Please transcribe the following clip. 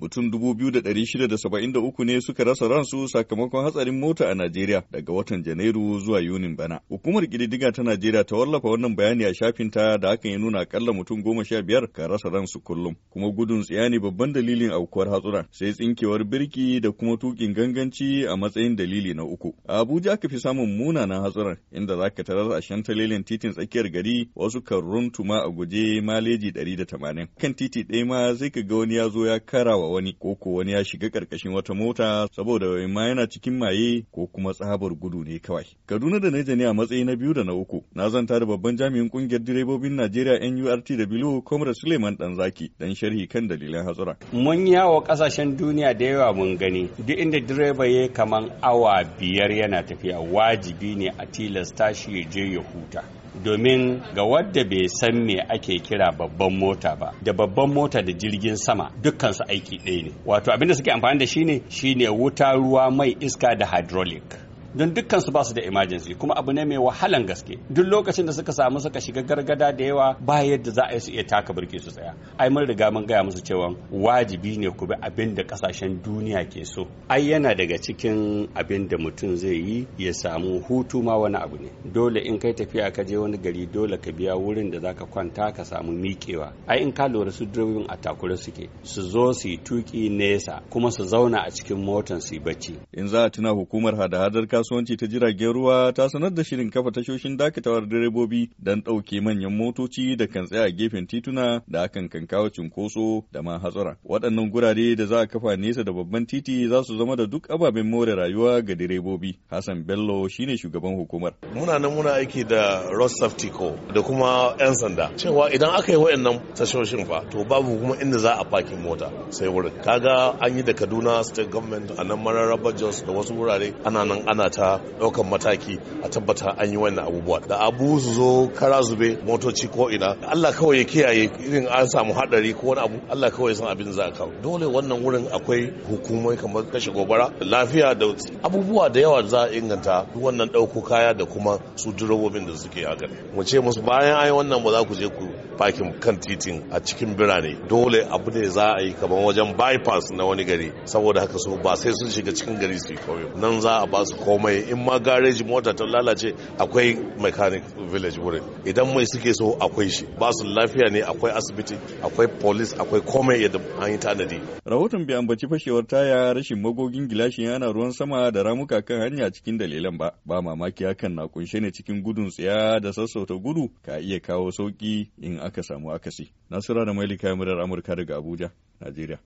mutum 2,673 ne suka rasa ransu sakamakon hatsarin mota a Najeriya daga watan Janairu zuwa Yunin bana. Hukumar ƙididdiga ta Najeriya ta wallafa wannan bayani a shafinta da aka yi nuna akalla mutum goma sha biyar ka rasa ransu kullum. Kuma gudun tsiya ne babban dalilin aukuwar hatsuran sai tsinkewar birki da kuma tukin ganganci a matsayin dalili na uku. A Abuja aka fi samun Muna na hatsuran inda za ka tarar a shantalelin titin tsakiyar gari wasu kan runtuma a guje maleji 180. Kan titi ɗaya ma sai ka ga wani ya zo ya karawa wa wani ko ko wani ya shiga karkashin wata mota saboda ma yana cikin maye ko kuma tsabar gudu ne kawai. Kaduna da Naija ne a matsayi na biyu da na uku. Na zanta da babban jami'in kungiyar direbobin Najeriya NURT da Bilo Comrade Suleiman Danzaki dan sharhi kan dalilan hatsura. Mun yawo kasashen duniya da yawa mun gani duk inda direba ya kaman awa biyar yana tafiya wajibi ne a tilasta shi ya je ya huta. domin ga wadda bai san me ake kira babban mota ba da babban mota da jirgin sama dukkan su aiki ɗaya ne wato abinda suke amfani da shi ne shine wuta ruwa mai iska da hydraulic don dukkan su ba su da emergency kuma abu ne mai wahalan gaske duk lokacin da suka samu suka shiga gargada da yawa ba yadda za a yi su iya taka birki su tsaya ai mun riga mun gaya musu cewa wajibi ne ku bi abin da kasashen duniya ke so ai yana daga cikin abin da mutum zai yi ya samu hutu ma wani abu ne dole in kai tafiya ka je wani gari dole ka biya wurin da zaka kwanta ka samu miƙewa ai in ka lura su drobin a takura suke su zo su yi tuki nesa kuma su zauna a cikin motan su yi bacci in za a tuna hukumar hada-hadar kasuwanci ta jiragen ruwa ta sanar da shirin kafa tashoshin dakatawar direbobi don ɗauke manyan motoci da kan tsaya a gefen tituna da akan kan kawo cunkoso da ma hatsura. Waɗannan gurare da za a kafa nesa da babban titi za su zama da duk ababen more rayuwa ga direbobi. Hassan Bello shine shugaban hukumar. Muna nan muna aiki da Ross Safety da kuma 'yan sanda. Cewa idan aka yi waɗannan tashoshin fa to babu kuma inda za a fakin mota sai wurin. Kaga an yi da Kaduna State Government a nan Mararaba Jos da wasu wurare ana nan ana ta daukan mataki a tabbata an yi wannan abubuwa da abu su zo kara zube motoci ko ina Allah kawai ya kiyaye irin an samu hadari ko wani abu Allah kawai san abin za kawo dole wannan wurin akwai hukumai kamar kashe gobara lafiya da abubuwa da yawa za a inganta duk wannan dauko kaya da kuma su durobobin da suke haka mu ce musu bayan ai wannan ba za ku je ku fakin kan titin a cikin birane dole abu ne za a yi kamar wajen bypass na wani gari saboda haka so ba sai sun shiga cikin gari su yi kawai nan za a ba su Mai in ma gareji mota ta lalace akwai mechanic village wurin idan mai suke so akwai shi ba su lafiya ne akwai asibiti akwai police akwai komai yadda an yi tanadi rahoton bai ambaci fashewar taya rashin magogin gilashin yana ruwan sama da ramuka kan hanya cikin dalilan ba ba mamaki hakan na kunshe ne cikin gudun tsaya da sassauta gudu ka iya kawo sauki in aka samu akasi nasira da mailika murar amurka daga abuja najeriya